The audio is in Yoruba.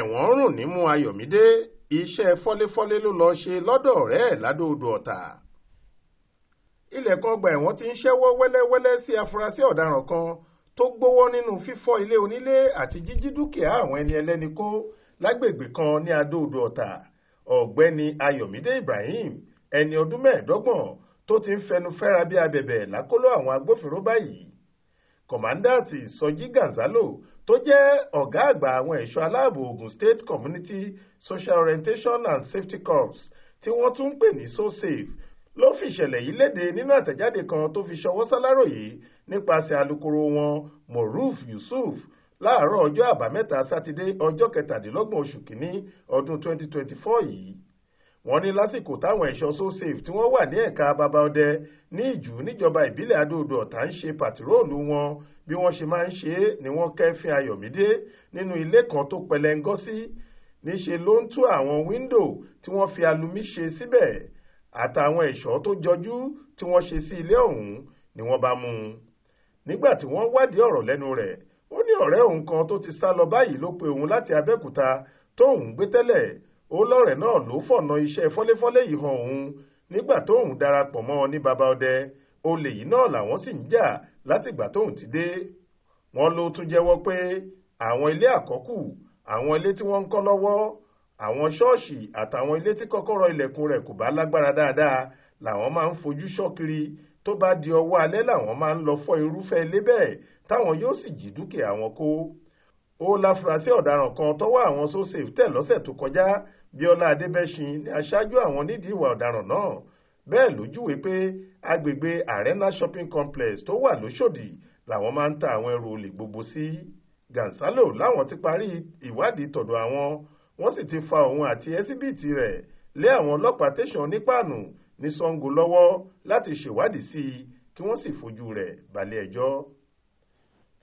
ẹ̀wọ̀n ń rùn nímú Ayọ̀mídé iṣẹ́ fọ́léfọ́lé ló lọ́ọ́ ṣe lọ́dọ̀ ọ̀rẹ́ ẹ̀ ládòdò ọ̀tà ilẹ̀kùn ọgbà ẹ̀wọ̀n ti ń ṣẹ́wọ́ wẹ́lẹ́wẹ́lẹ́ sí afurasí ọ̀daràn kan tó gbowó nínú fífọ́ ilé onílé àti jíjí dúkìá àwọn ẹni ẹlẹ́ni kó lágbègbè kan ní adóodò ọ̀tà ọ̀gbẹ́ni ayọ̀mídé ibrahim ẹni ọdún mẹ́ẹ̀ẹ́dọ́gbọ̀n tó ti ń fẹnu fẹ́ra bí abẹ̀bẹ̀ lákọlò àwọn agbófinró báyìí kọ̀mándàtì sọjí gonzalo tó jẹ́ ọ̀gá àgbà àwọn ẹ̀ṣọ́ aláàbò Ogun State Community Social Orientation and Safety Corps tí wọ́n tún ń pè ní SoSafe ló fi ìṣẹ̀lẹ̀ yìí léde nínú àtẹ̀jáde kan tó fi ṣọwọ́ sáláròyé nípasẹ̀ alukoro wọn Moruf Yusuf láàárọ̀ ọjọ́ àbámẹ́ta sátidé ọjọ́ kẹtàdínlọ́gbọ̀n oṣù kínní ọdún 2024 yìí wọ́n ní lásìkò táwọn ẹ̀ṣọ́ sosafe tí wọ́n wà ní ẹ̀ka bàbá ọdẹ ní ìjù níjọba ìbílẹ̀ adóodò ọ̀tá ń ṣe pàtiróòlù wọn bí wọ́n ṣe máa ń ṣe é ni wọ́n kẹ́fín ayọ̀mídé nínú ilé kan tó pẹlẹngọ́ sí níṣe ló ń tú àwọn wíńdò tí wọ́n fi alumí ṣe síbẹ̀ àtàwọn ẹ̀ṣọ́ tó jọjú tí wọ́n ṣe sí ilé ọ̀hún ni wọ́n bá mú un nígbà tí wọ́n wádìí ọ̀rọ̀ lẹ́nu rẹ̀ ó ní ọ̀rẹ́ òun kan tó ti sá lọ báyìí ló pe òun láti abẹ́òkúta tóun gbé tẹ́lẹ̀ ó lọ́rẹ̀ẹ́ náà ló fọ̀nà iṣẹ́ fọ́léfọ́lé yìí hàn òun nígbà tóun darapọ̀ mọ́ ní baba ọdẹ olè yìí náà làwọn sì ń jà látìgbà tóun ti dé wọ́n ló tún jẹ́wọ́ pé àwọn ilé àkọ́kù àwọn ilé tí wọ́n ń kọ́ lọ́wọ́ àwọn ṣọ́ọ̀ṣì àtàwọn ilé tí kọ́kọ́rọ́ ilẹ̀kùn rẹ̀ kò bá lágbára dáadáa làwọn máa ń fojú ṣọ́kiri tó bá di ọwọ́ alẹ́ làwọn máa ń lọ fọ́ irúfẹ́ ilé bẹ́ẹ̀ táwọn yóò sì jí dúkìá wọn kó ó láfúrásì ọ̀daràn kan tọ́wọ́ àwọn sosafe tẹ̀ lọ́sẹ̀ tó kọjá bíọ́lá adébẹ́sìn ní aṣáájú àwọn nídìí ìwà ọ̀daràn náà bẹ́ẹ̀ ló júwe pé agbègbè arena shopping complex tó wà lóṣòdì làwọn máa ń ta àwọn ẹrù olè gbogbo sí gansalo láwọn ti parí ìwádìí tọ̀dọ̀ àwọn wọ́n sì ti fa òun àti ẹsíbìtì rẹ̀ lé àwọn ọlọ́pàá tẹ̀sán nípàánù ní sango lọ́wọ́ láti ṣèwádìí sí i kí wọ́n sì fojú rẹ̀ balẹ̀-ẹjọ́